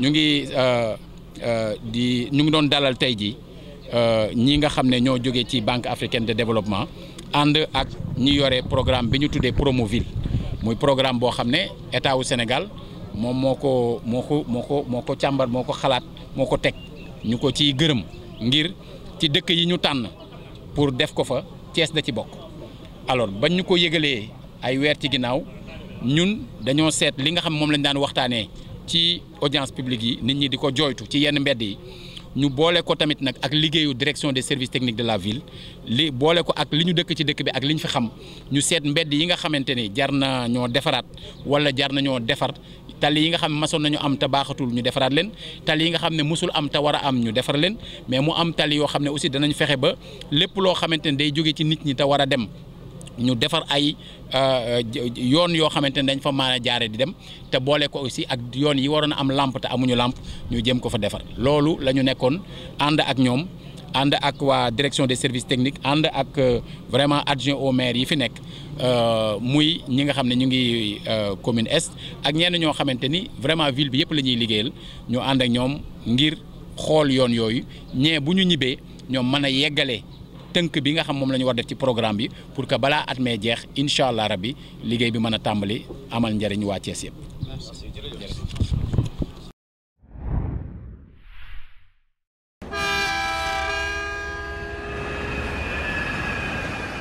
ñu ngi euh, euh, di ñu ngi doon dalal tey jii euh, ñi nga xam ne ñoo jóge ci Banque africaine de développement ànd ak ñi yore programme bi ñu tuddee Promoville muy programme boo xam ne état wu Sénégal moom moo ko moo ko moo ko moo ko càmbar moo ko xalaat moo ko teg ñu ko ciy gërëm ngir ci dëkk yi ñu tànn pour def ko fa Thiès da ci bokk alors bañ ñu ko yëgalee ay weer ci ginnaaw ñun dañoo seet li nga xam moom lañ daan waxtaanee. ci audience publique yi nit ñi di ko jooytu ci yenn mbedd yi ñu boole ko tamit nag ak liggéeyu direction des services technique de la ville li boole ko ak li ñu dëkk ci dëkk bi ak li ñu fi xam ñu seet mbedd yi nga xamante ni jar na ñoo defaraat wala jar na ñoo defar tali yi nga xam ne masoon nañu am te baaxatul ñu defaraat leen tali yi nga xam ne mosul am te war am ñu defar leen mais mu am tali yoo xam ne aussi danañ fexe ba lépp loo xamante ni day jóge ci nit ñi te war a dem ñu defar ay euh, yoon yoo xamante ne dañ fa mën a jaare di dem te boole ko aussi ak yoon yi waroon a am lampe te amuñu làmp ñu jëm ko fa defar loolu la ñu nekkoon ànd ak ñoom ànd ak waa direction de services techniques ànd ak euh, vraiment adjoint au maire yi fi nekk euh, muy ñi nga xam ne ñu ngi commune est ak ñenn ñoo xamante ni vraiment ville bi yëpp la ñuy liggéeyal ñu ànd ak ñoom ngir xool yoon yooyu ñee bu ñu ñibbee ñoom mën a yeggale tënk bi nga xam moom la ñu war def ci programme bi pour que balaa at mee jeex incha allah rabbi liggéey bi mën a tàmbali amal njëriñ waa Thiès yëpp.